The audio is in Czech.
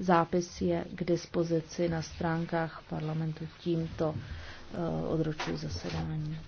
Zápis je k dispozici na stránkách parlamentu. Tímto eh, odročuji zasedání.